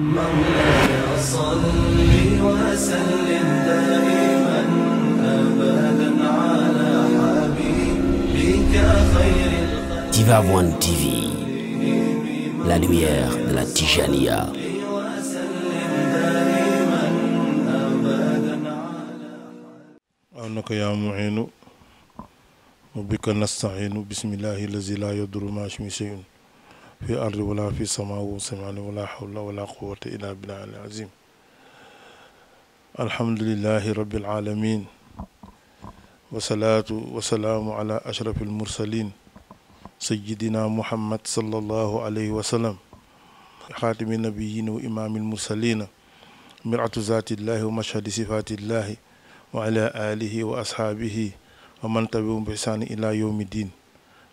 مولاي وسلم دائما ابدا على حبيبك خير Diva One TV La lumière de la Tijania عونك يا معين وبك نستعين بسم الله الذي لا يضر مع اسمه شيء في أرض ولا في سماء وسمعني ولا حول ولا قوة إلا بالله العظيم الحمد لله رب العالمين وصلاة وسلام على أشرف المرسلين سيدنا محمد صلى الله عليه وسلم خاتم النبيين وإمام المرسلين مرعة ذات الله ومشهد صفات الله وعلى آله وأصحابه ومن تبعهم بإحسان إلى يوم الدين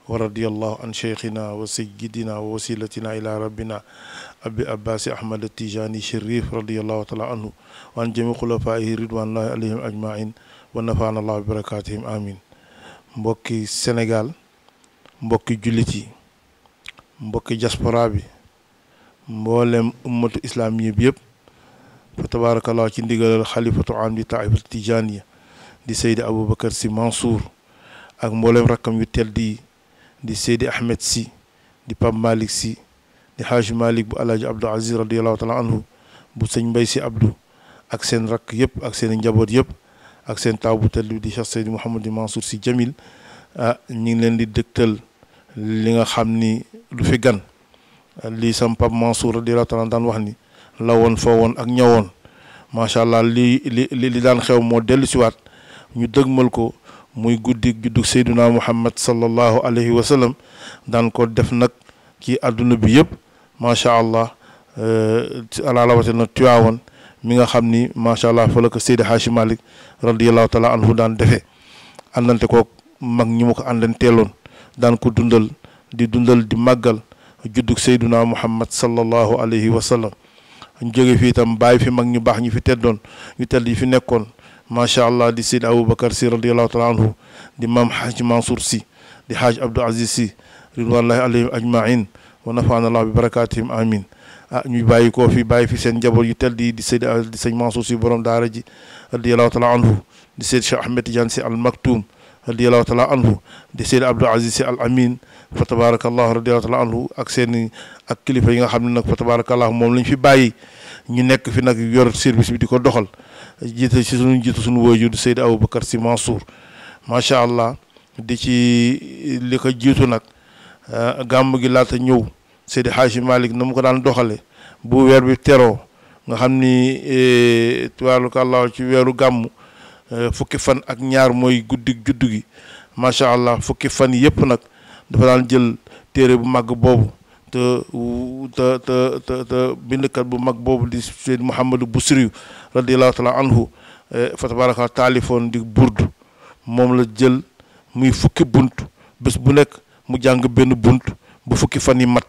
ورضي الله عن شيخنا وسيدنا ووسيلتنا إلى ربنا أبي أباس أحمد التجاني الشريف رضي الله تعالى عنه وعن جميع خلفائه رضوان الله عليهم أجمعين ونفعنا الله ببركاتهم آمين مبكي السنغال مبكي جلتي مبكي جاسبرابي مولم أمة الإسلامية بيب فتبارك الله كندي قال الخليفة عام لطائف التجانية دي سيد أبو بكر سي منصور ak mbolem rakam yu tel di Seydi Ahmed si di Pape Malick si di Haji Malick bu Alaaji Abdou Aziz radiallahu taala anhu bu sëñ Mbay si Abdou ak seen rakk yëpp ak seen njaboot yëpp ak seen taaw bu tedd bi di Cheikh Seydi Mouhamadou Mansour si Jamil ah ñu ngi leen di dëgtal li nga xam ni du fi gan li sam Pape Mansour radiallahu taala daan wax ni la woon woon ak ñawoon macha allah lii li li daan xew moo dellu siwaat ñu dëgmal ko muy guddi juddug Seyduna Muhammad sallallahu alayhi wa sallam dan ko def nak ki aduna bi yeb ma sha allah euh ala la wate rawatina Tiwaawan mi nga xamni ma sha allah fa la ko sayyid hashim malik radiyallahu taala anhu dan defé àndante ko mag ñimu mu ko àndanteeloon dan ko dundal di dundal di magal juddu Seyduna Muhammad sallallahu alayhi wa sallam ñu jóge fi tam bay fi mag ñu bax ñu fi teddon ñu teddi fi nekkon macha allah di Seydi Aboubacar si radiallahu taala anhu di maam Haaj Mansour si di Haaj Abdou Aziz si ridwanullahi alayhim ajmain wa nafaana allah bi barakatihim amin ah ñuy bàyyi koo fi bàyyi fi seen njaboot yu tel di di Seydi di sëñ Mansour si borom daara ji radiallahu taala anhu di Seydi Cheikh Ahmed Tidiane si al Maktoum radiallahu taala anhu di Seydi Abdou Aziz si al amin fa tabarakallahu radiallahu taala anhu ak seen ak kilifa yi nga xam ne nag fa tabarakallahu moom lañ fi bàyyi ñu nekk fi nag yor service bi di ko doxal jiital ci suñu jiitu suñu waajur Seydou Aboubacar Sy Mansour macha allah di ci li ko jiitu nag eh, gàmm gi laata ñëw Seydi Hadji Malick na mu ko daan doxale bu weer bi tero nga xam ni eh, tubaarkalla ci weeru gàmm eh, fukki fan ak ñaar mooy guddi juddu gi macha allah fukki fan yëpp nag dafa daan jël téere bu màgg boobu te te te te bindkat bu mag boobu di Seyd Mouhamadou Bousiriyu radiallahu taala anhu eh, fa tabaraka taalifoon di burdu moom la jël muy fukki bunt bés bu nekk mu jàng benn bunt bu fukki fan yi mat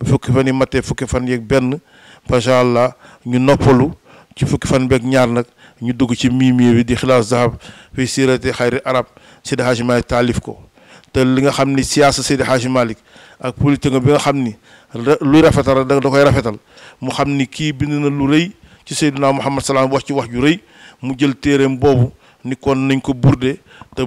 bu fukki fan yi matee fukki fan yeeg benn macha allah ñu noppalu ci fukki fan beeg ñaar nag ñu dugg ci miimii bi di xilaas zahab fi sirati xayri arab Seydi Hajji Malick taalif ko te li nga xam ni siyaasa Seydi Hajji Malick ak politique bi nga xam ni luy rafetal da koy rafetal mu xam ni kii bind na lu rëy ci Seydina Muhammad salaam wax ci wax ju rëy mu jël téereem boobu ni kon nañ ko burde te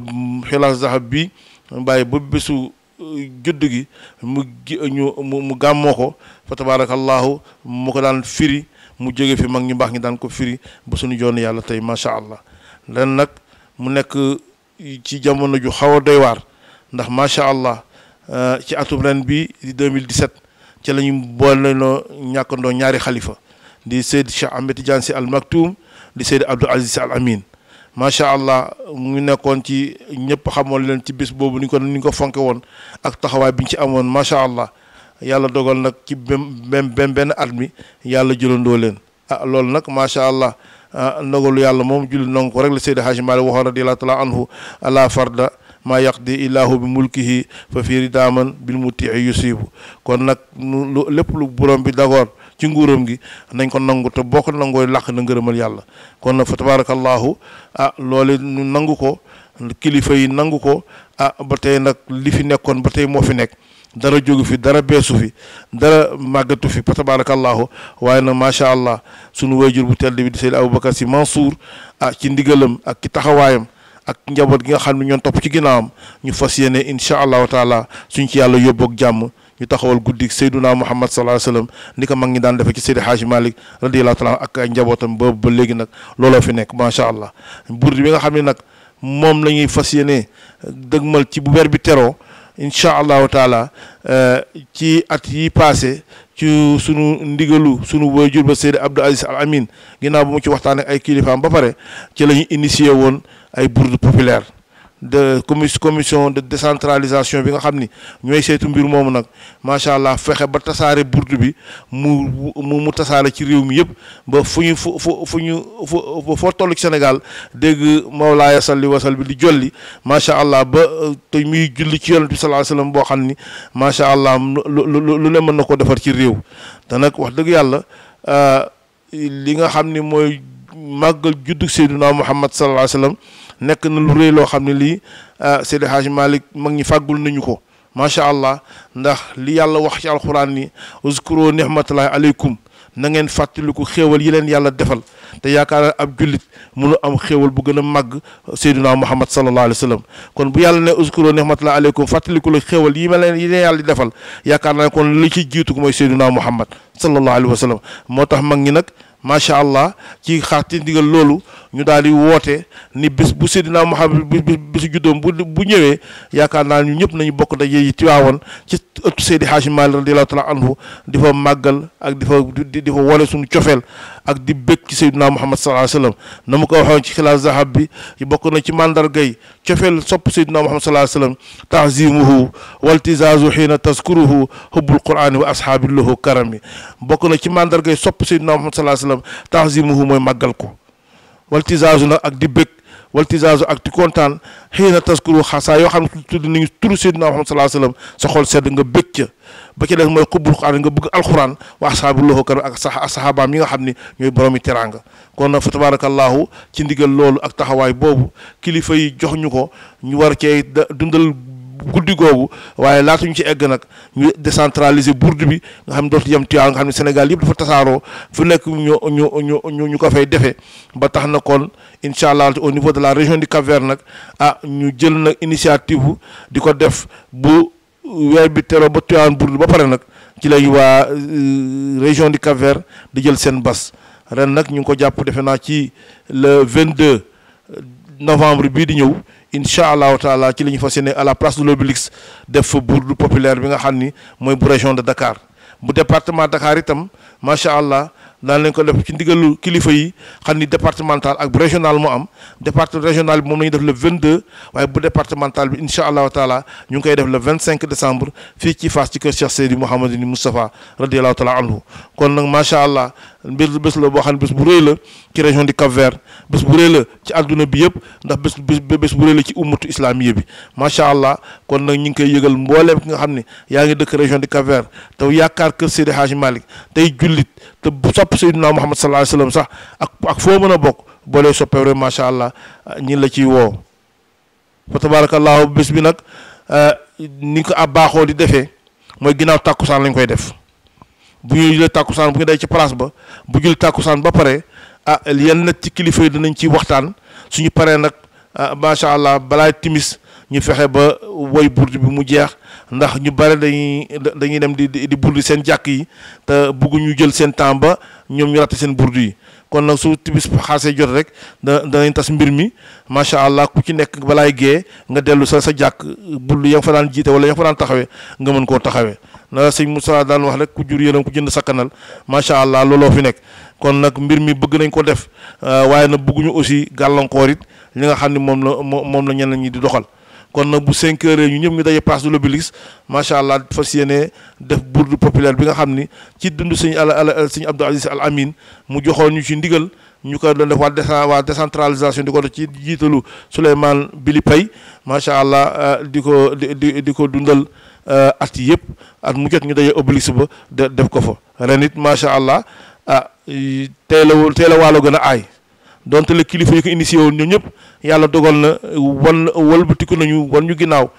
xilaas zahab bi bàyyi ba bésu euh, judd gi mu ñu mu gàmmoo ko fa tabarakallahu mu ko daan firi mu jóge fi mag ñu baax ñi daan ko firi ba suñu joon yàlla tey macha allah len nag mu nekk ci jamono ju xaw a doy waar ndax macha allah Euh, ci atum ren bi di 2017 ci la ñu boolenoo ñàkkandoo ñaari xalifa di Seyd Cheikh Ahmed Tidiane Sy Al Maktoum di Seyd Abdou Aziz Sy Al Amin macha allah mu nekkoon ci ñëpp xamoon leen ci bés boobu ni ko ni ko fonke woon ak taxawaay bi ñu ci amoon macha allah yàlla dogal nag ci benn benn benn at mi yàlla jëlandoo leen ah loolu nag macha allah ah, ndogalu yàlla moom julli nangu ko rek la Seydi Hadji Malick waxoon radiyallahu taala anhu ala farda maa yaqdi ilaahu bi mulkihi fa fii ridaaman bil mutii yusibu kon nag lu lépp lu borom bi d'accord ci nguuram gi nañ ko nangu te boo ko nangooy làq na ngërëmal yàlla kon nag fa tabarakallahu a ah loolu ñu nangu ko kilifa yi nangu ko ah ba tey nag li fi nekkoon ba tey moo fi nekk dara jógu fi dara beesu fi dara màggetu fi fa tabarakallahu waaye nag macha allah sunu wayjur bu tedd bi di Seydou Aboubacar Sy Mansour ah ci ndigalam ak ci taxawaayam ak njaboot gi nga xam ne ñoon topp ci ginnaawam ñu fas yéene incha allahu taala suñ ci yàlla yóbboog jàmm ñu taxawal guddik Seyduna Muhammad sallallahu alayhi wasallam ni ko mag ñi daan defee ci Seydi Haaji Malick radiyallahu taala ak njabootam boobu ba léegi nag looloo fi nekk macha allah burdi bi nga xam ne nag moom la ñuy fas yéene dëgmal ci bu weer bi teroo incha allah taala eh, ci at yi passé ci sunu ndigalu sunu waajur ba Seydi Abdou Aziz Al Amin ginnaaw bu mu ci waxtaan ay kilifaam ba pare ci la ñu initié woon ay bourde populaire de commission de décentralisation bi nga xam ni ñooy saytu mbir moomu nag macha allah fexe ba tasaare burdu bi mu mu mu tasaare ci réew mi yëpp ba fu ñu fu fu fu ñu fu foo tollu ci Sénégal dégg Mawlaaya salli wasal bi di jolli macha allah ba te muy julli ci yonent bi sallallahu alayhi wasallam boo xam ni macha allah lu lu lu ne mën na ko defar ci réew te wax dëgg yàlla ah, li nga xam ni mooy. magal juddug Seydina Muhammad sallallahu alaihi wasallam sallam nekk na lu rëy loo xam ne lii Seydi Hadji mag ñi fàggul nañu ko macha allah ndax li yàlla wax ci alxuraan ni uzkuru nihmatullahi aleykum na ngeen fàttaliku xéewal yi leen yàlla defal te yaakaar ab jullit munu am xéewal bu gën a màgg seyduna muhammad sallallahu alayhi wasallam kon bu yàlla ne uskuro nihmatullahi aleykum fàttaliku la xéewal yi ma leen yi leen yàlla defal yaakaar naa kon li ci jiitu mooy seyduna muhammad sallallahu alayhi wasallam sallam moo tax mag ñi nag macha allah ci xaar ci ndigal loolu ñu daal di woote ni bis bu Seydina Muhammad bi bisu juddoom bu bu ñëwee yaakaar naa ñu ñëpp nañu bokk daje yi Tiwaawan ci ëttu Seydi Haaji Maalik radiyallaahu taala anhu di fa màggal ak di fa di fa wone suñu cofeel ak di bekk ci sayyidina Muhammad sallallahu alayhi wasallam namu ko waxon ci khilaf zahab bi bokku na ci mandar mandargay cofeel sop sayyidina Muhammad sallallahu alayhi wasallam tahzimuhu waltizazu hina tazkuruhu hubbul qur'an wa lahu karami bokku na ci mandar gay sop sayyidina Muhammad sallallahu alayhi wasallam tahzimuhu moy magal ko waltizazu nag ak di bekk waltisaasu ak ti kontaan xëy na taskuru xasaa yoo xam ne tudd nañu turu Seydina Muhammad salaa sallam sa xol sedd nga bëgg ca ba ca des mooy xubbul Qur'aan nga bëgg alxuraan wa asxaabu lahu kan ak saxaabaam yi nga xam ne ñooy boroomi teraanga kon nag fa tabaarakallaahu ci ndigal loolu ak taxawaay boobu kilifa yi jox ñu ko ñu war cee dundal guddi googu waaye laatuñ ci egg nag ñu décentraliser bourde bi nga xam ne dootu yem Tivaouane nga xam ne Sénégal yëpp dafa tasaaroo fu nekk ñu ñu ñu ñu ko fay defee ba tax na kon incha allah au niveau de la région du cap nag ah ñu jël nag initiative di ko def bu bi teroo ba Tivaouane bourde ba pare nag ci lay waa euh, région du Cap-Vert di jël seen bas ren nag ñu ngi ko jàpp defe naa ci le 22 novembre bii di ñëw incha allahu taala ci li ñu fas yéene à la place de l'Obélisque def bourde populaire bi nga xam ni mooy bu région de Dakar bu département Dakar itam macha allah daan lañ ko def ci ndigalu kilifa yi xam ni départemental ak bu régional mu am département régional bi moom la ñuy def le 22 waaye bu départemental bi incha allahu taala ñu ngi koy def le 25 décembre fii ci Fass ci kër Cheikh Seydi Mouhamadou Moustapha radiallahu taala anhu kon nag macha allah. mbir bés la boo xam ne bés bu rëy la ci région du Cap Vert bés bu rëy la ci àdduna bi yëpp ndax bés bés bu rëy la ci ummatu islamiye bi macha allah kon nag ñu ngi koy yëgal mbooleem ki nga xam ne yaa ngi dëkk région du Cap te yaakaar kër Seydi Hadji Malick tey jullit te sopp Seydina Muhammad sallallahu alayhi wasallam sax ak ak foo mën a bokk boo lay soppee rek allah ñi la ciy woo fa tabarakallahu bés bi nag euh, ni ko ab baaxoo di defee mooy ginnaaw sax lañ koy def bu ñuy jëlee tàkkusaan bu ñu day ci place ba bu jël tàkkusaan ba pare ah yenn nag ci kilifa yi dinañ ci waxtaan suñu paree nag ah, macha allah balaay timis ñu fexe ba woy burdi bi mu jeex ndax ñu bare dañuy dañuy dem di di burdi seen jàkk yi te bëgguñu jël seen temps ba ñoom ñu ratte seen burdi yi kon nag su timis xaasee jot rek da danañ tas mbir mi macha allah ku ci nekk balaay gee nga dellu sa sa jàkk burdi ya nga fa daan jiite wala ya nga fa daan taxawee nga mën koo taxawee na sëñ Moussa daan wax rek ku jur yërëm ku jënd sakkanal macha allah looloo fi nekk kon nag mbir mi bëgg nañ ko def euh, waaye nag bëgguñu aussi gàllankoor it li nga xam ne moom la moom la ñenn ñi di doxal kon nag bu 5 heures ñu ñëpp ñu daje place de l'Obélisque macha allah fas yéene def bourde populaire bi nga xam ni ci dund sëñ al al sëñ Abdou Aziz Al Amin mu joxoon ñu ci ndigal ñu koy doon def waa décen waa décentralisation di ko def ci jiitalu Souleymane Bili Pay macha allah euh, di ko di di ko dundal. Euh, at yi yëpp at mu jot ñu daje obélisque ba def ko fa ren it macha allah ah teel a teel a waalo gën a aay donte le kilifa yi ko initié woon ñoo ñëpp yàlla dogal na wan walbatiku nañu wan ñu ginnaaw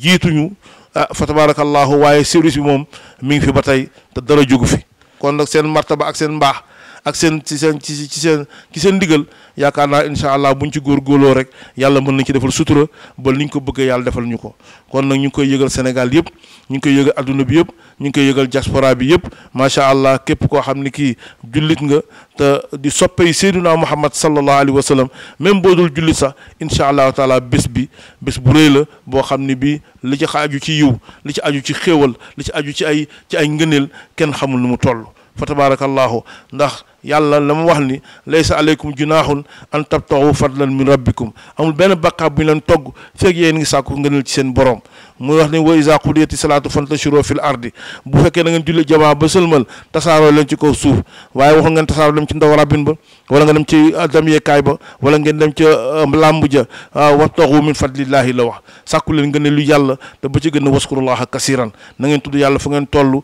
jiituñu ah fa tabarakallahu waaye service bi moom mi ngi fi ba tey te dara jógu fi kon nag seen martaba ak seen mbaax ak seen ci seen ci ci seen ci seen ndigal yaakaar naa incha allah buñ ci góor góorloo rek yàlla mën nañ ci defal sutura ba ñu ko bëggee yàlla defal ñu ko kon nag ñu ngi koy yëgal Sénégal yëpp ñu ngi koy yëgal àdduna bi yëpp ñu ngi koy yëgal diaspora bi yëpp macha allah képp koo xam ni kii jullit nga te di soppey Seydina Muhammad sallallahu alayhi wa sallam même boo dul jullit sax incha allah taala bés bi bés bu rëy la boo xam ni bii li ci aju ci yiw li ci aju ci xéewal li ci aju ci ay ci ay ngëneel kenn xamul nu mu toll fa allah ndax yalla la mu wax ni laysa aleykum junaaxun an tabtaxu fadlan min rabbikum amul benn bàkkaar bu ñu leen togg feeg yéen ngi sàkku ngënal ci seen borom muy wax ni wa isa qudiyati fantashiru fil ardi bu fekkee da ngeen julli jamaa ba sëlmal tasaaroo leen ci kaw suuf waaye waxu ngeen tasaaroo dem ci ndaw rabbin ba wala nga dem ci uh, damyeekaay ba wala ngeen dem ca uh, làmb ja uh, wabtaxu min fadlillahi la wax lu ba ci gën waskurullaha kasiran na ngeen tudd yàlla fu ngeen toll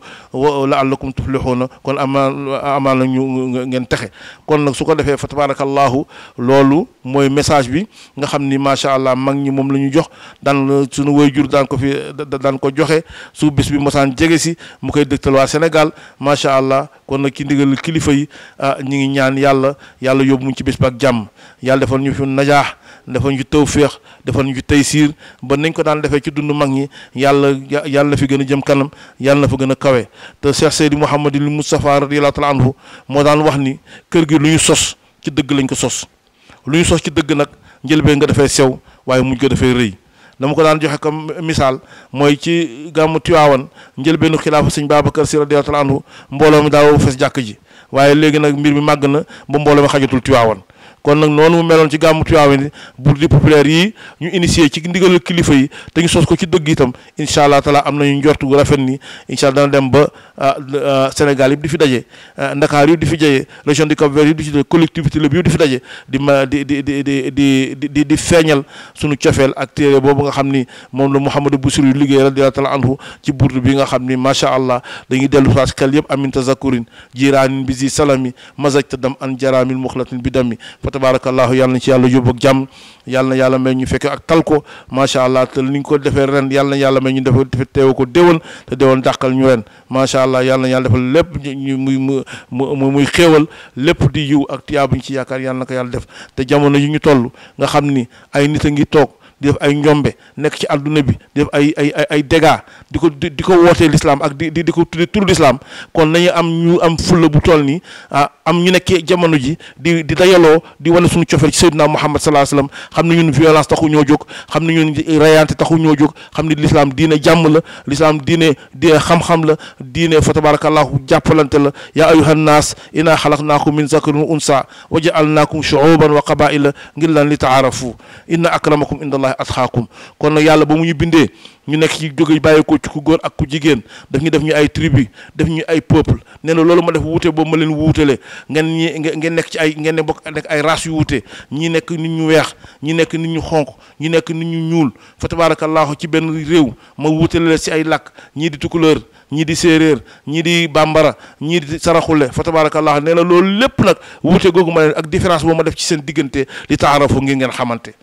la allakum tuflixuuna kon amaa ñu ngeen texe kon nag su ko defee fa tabarakallahu loolu mooy message bi nga xam ni macha allah mag ñi moom la ñu jox daan suñu waajur daan ko fi daan ko joxe su bis bi mosaan jege si mu koy dëgtal waa Sénégal macha allah kon nag ci ndigal kilifa yi ah ñi ngi ñaan yàlla yàlla yóbbu mu ci bis ba ak jàmm yàlla defal ñu fi najaax dafa ñu tawféex dafa ñu taysiir ba nañ ko daan defee ci dundu mag ñi yàlla yàlla na fi gën a jëm kanam yàlla na fa gën a kawe te Cheikh Seydi Mouhamadul Moustapha radiyallahu taala anhu moo daan wax ni kër gi lu ñu sos ci dëgg lañ ko sos lu ñu sos ci dëgg nag njëlbee nga defee sew waaye mujj ko defee rëy dama ko daan joxe comme misaal mooy ci gàmmu Tiwaawan njëlbeenu xilaafa sëñ Babacar Si radiyallahu taala anhu mbooloo mi daaw fees jàkk ji waaye léegi nag mbir mi màgg na ba mbooloo mi xajatul Tiwaawan kon nag noonu mu meloon ci gàmmu Tiwaawan bour di populaire yi ñu initié ci ndigalu kilifa yi te ñu sos ko ci dëgg itam incha allah taala am nañu njort gu rafet ni incha allah dana dem ba ah, ah, Sénégal yëpp di fi daje ah, Ndakaar yëpp di fi daje région du Cap Vert yëpp di fi collectivité lépp yëpp di fi daje di di di di di di di di feeñal sunu cofeel ak téere boobu nga xam ni la Mouhamadou Boussirou liggéey radiallahu taala anhu ci burdu bi nga xam ni allah dañuy dellu saas xel yëpp amin tazakurin jiraanin bi zi salami mazaj tadam an jaramil muxlatin bi dami tabaarakallaahu yàlla na ci yàlla yóbbu ak jàmm yàlla na yàlla may ñu fekke ak tal ko macha allah te ni ñu ko defee ren yàlla na yàlla may ñu defe teew ko déwal te déwal dàqal ñu ren macha allah yàlla na yàlla defal lépp ñu muy mu muy xéewal lépp di yiw ak tiyaa bu ci yaakaar yàlla na ko yàlla def te jamono yi ñu toll nga xam ni ay nit a ngi toog di def ay njombe nekk ci àdduna bi di def ay ay ay di ko di ko wootee lislaam ak di di ko tuddee turu lislaam kon nañu am ñu am fulla bu toll nii ah am ñu nekkee jamono ji di di dayaloo di wane suñu cofeel ci Seydina Muhammad salaa salaam xam ne ñun violence taxu ñoo jóg xam ne ñun rayante taxu ñoo jóg xam ne lislaam diine jàmm la lislaam diine diine xam-xam la diine fa tabarakallahu jàppalante la yaa ayyuhan naas inaa xalaqnaakum min zakarin wa unsa wa jaalnaakum shuuban wa qabaila ngir lan li taarafu inna akramakum inda allahi asxaakum kon nag yàlla ba mu ñu bindee ñu nekk ci jóge bàyyeekoo ci ku góor ak ku jigéen daf ñu def ñu ay tribu def ñu ay peuple nee na loolu ma def wuute boobu ma leen wuutale ngeen ñi ngeen nekk ci ay ngeen bokk nekk ay race yu wuute nekk nit ñu weex ñi nekk nit ñu xonq ñi nekk nit ñu ñuul fa tabaarakallaahu ci benn réew ma wuutale la si ay làkk ñii di tukulóor ñii di séeréer ñii di bambara ñii di saraxule fa tabaarakallaahu nee na loolu lépp nag wuute googu ma leen ak différence boobu ma def ci seen diggante li taarafu ngir ngeen xamante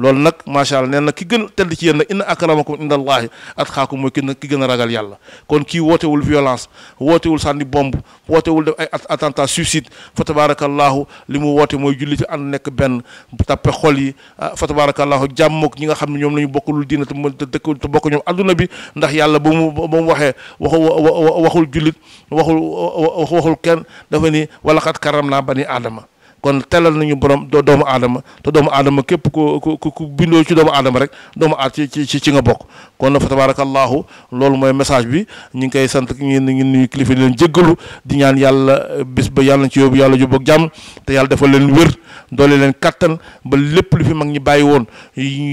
nak ma sha allah nee ki gën tedd ci yéen nag inna akramakum indallahi atkhakum moy mooy ki ki gën ragal yàlla kon ki wote wul violence wote wootewul sànni bomb wul def ay attentat suicide fa tabarakallah limu wote moy julli ci ànd nek ben tapé xol yi fa tabarakallah jàmmook ñi nga xamni ñom lañu la ñu bokkulul diina te dëkk te bokku ñom aduna bi ndax yàlla bu mu bu mu waxe waxu waxul julit waxul waxul ken dafa ni wala khat karamna bani adama kon telal nañu borom doomu aadama te doomu aadama képp ku ku ku bindoo ci doomu aadama rek doomu aad ci ci ci nga bokk kon fa tabarakallahu loolu mooy message bi ñu ngi koy sant ñu ngi nuyu kilifa leen jéggalu di yàlla bis ba yàlla ci yóbbu yàlla jubboog jàmm te yàlla defal leen wér doole leen kattan ba lépp lu fi mag ñi bàyyi woon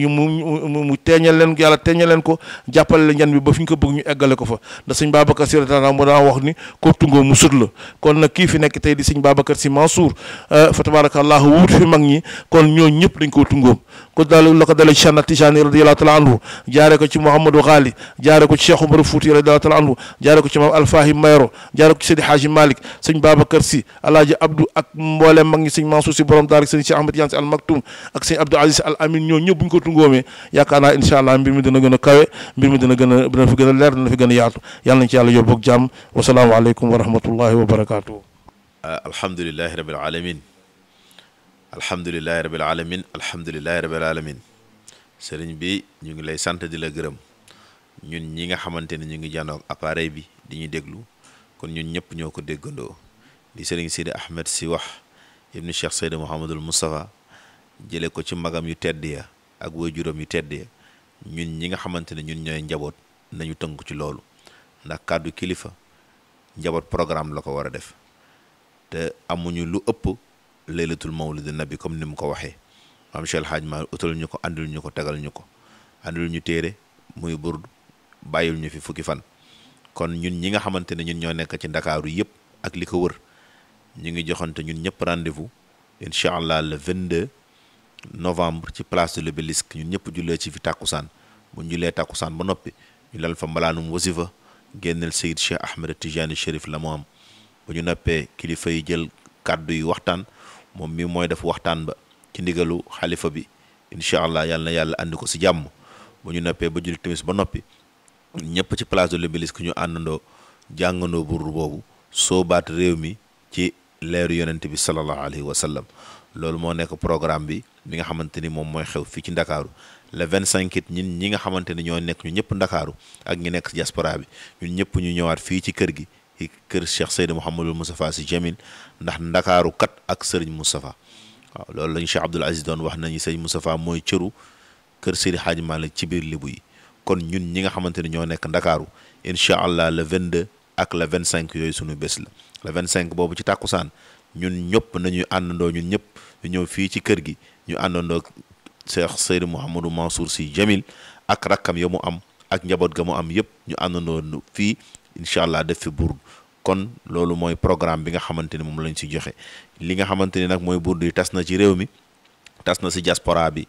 mu mu teeñal leen yàlla teeñal leen ko jàppale leen yan bi ba fi ko bëgg ñu eggale ko fa da sëñ Babacar Sy radiyallahu wax ni ko tungoo mu sut la kon nag kii fi nekk tey di sëñ Babacar Sy Mansour euh, fa tabarakallahu wuut fi mag kon ñoo ñëpp dañ koo tungoom ko daal la ko dalee ci Cheikh Tijaani radiyallahu taala anhu jaare ko ci Mouhamadou Ghali jaare ko ci Cheikh Omar Fouti radiyallahu taala anhu jaare ko ci maam Alfaahi Mayro jaare ko ci Seydi Haaji Malick sëñ Babacar Si Alaaji Abdou ak mbooleem mag ñi sëñ Si borom daar ak sëñ Cheikh Ahmed Tidiane ak sëñ Abdou Aziz Al Amin ñoo ñëpp ñu ko tungoomee yaakaar naa incha allah mbir mi dina gën a kawe mbir a dina fi gën a leer dina fi gën a yaatu yàlla nañ ci yàlla yóbbu ak jàmm alhamdulilahi rabil alamin alhamdulilahi rabil alamin sëriñ bi ñu ngi lay sant di la gërëm ñun ñi nga xamante ne ñu ngi jàndoog appareil bi di ñu déglu kon ñun ñëpp ñoo ko déggandoo di sëriñ Sidi Ahmed si wax ibnu Cheikh Seydi Mouhamadul Moustapha jële ko ci magam yu tedd ya ak waajuram yu tedd ya ñun ñi nga xamante ne ñun ñooy njaboot nañu tënk ci loolu ndax kàddu kilifa njaboot programme la ko war a def te amuñu lu ëpp laylatul mawlidi nabi comme ni mu ko waxee maam Cheikh Hadj Ma utal ñu ko andil ñu ko tegal ñu ko andil ñu téere muy burd bàyyil ñu fi fukki fan kon ñun ñi nga xamante ne ñun ñoo nekk ci ndakaaru yëpp ak li ko wër ñu ngi joxante ñun ñëpp rendez-vous incha allah le 22 novembre ci place de l'obélisque ñun ñëpp jullee ci fi tàkkusaan bu ñu jullee tàkkusaan ba noppi ñu lal fa mbalaanum wasifa génneel Seyyid Cheikh Ahmed Tijani Chérif la mu am bu ñu noppee kilifa yi jël kàddu yi waxtaan moom mii mooy def waxtaan ba ci ndigalu xalifa bi incha allah yàlla na yàlla andi ko si jàmm bu ñu noppee ba julli timis ba noppi ñëpp ci place de l'Obélisque ñu àndandoo jàngandoo burdu boobu soobaat réew mi ci leeru yonent bi sallallahu alayhi wa sallam loolu moo nekk programme bi mi nga xamante ni moom mooy xew fii ci ndakaaru le 25 it ñin ñi nga xamante ni ñoo nekk ñu ñëpp ndakaaru ak ñu nekk diaspora bi ñun ñëpp ñu ñëwaat fii ci kër gi ci kër Cheikh Seydou Mouhamadul Moustapha Sy Jamil ndax ndakaaru kat ak seriñ Moustapha waaw loolu lañ Cheikh Abdoul Aziz doon wax nañu sëriñ Moustapha mooy cëru kër Seydi xaaj Malick ci biir Lebu yi kon ñun ñi nga xamante ne ñoo nekk ndakaaru incha allah vingt 22 ak le cinq yooyu sunu bés la le 25 boobu ci tàkkusaan ñun ñëpp ñuy àndandoo ñun ñëpp ñëw fii ci kër gi ñu àndandoo Cheikh Seydou Mouhamadou Mansour Sy Jamil ak rakkam ya mu am ak njaboot ga mu am yëpp ñu àndandoo fii incha allah def fi burdu kon loolu mooy programme bi nga xamante ni moom lañ si joxe li nga xamante ni nag mooy burdu yi tas na ci réew mi tas na si jaspora bi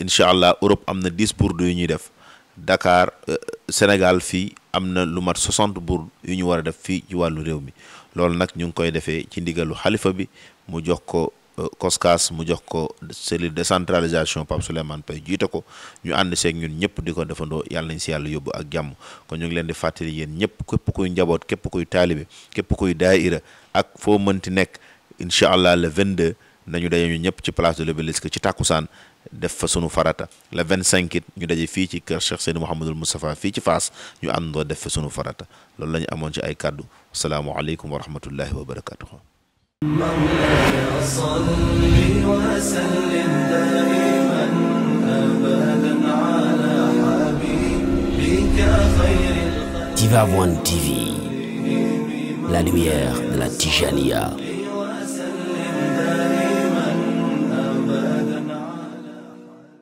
incha allah Europe am na dix burdu yu ñuy def Dakar euh, Sénégal fii am na lu mat soixante burdu yu ñu war a def fii ci wàllu réew mi loolu nag ñu ngi koy defee ci ndigalu xalifa bi mu jox ko COSCAS mu jox ko cellule décentralisation Pape Souleymane Paye jiite ko ñu ànd seeg ñun ñëpp di ko defandoo yàlla nañ si yàlla yóbbu ak jàmm kon ñu ngi leen di fàttali yéen ñëpp képp kuy njaboot képp kuy taalibe képp kuy daayira ak foo mënti nekk incha allah vingt 22 nañu daje ñu ñëpp ci place de l'Obélisque ci tàkkusaan def fa sunu farata la vingt 25 it ñu daje fii ci kër Cheikh Seydi Mouhamadul Moustapha fii ci Faas ñu àndoo def fa sunu farata loolu la ñu amoon ci ay kàddu asalaamualeykum wa rahmatullahi wa barakatuhu مولاي صل وسلم دائما ابدا على حبيبك خير Divawan TV, la lumière de la Tijania.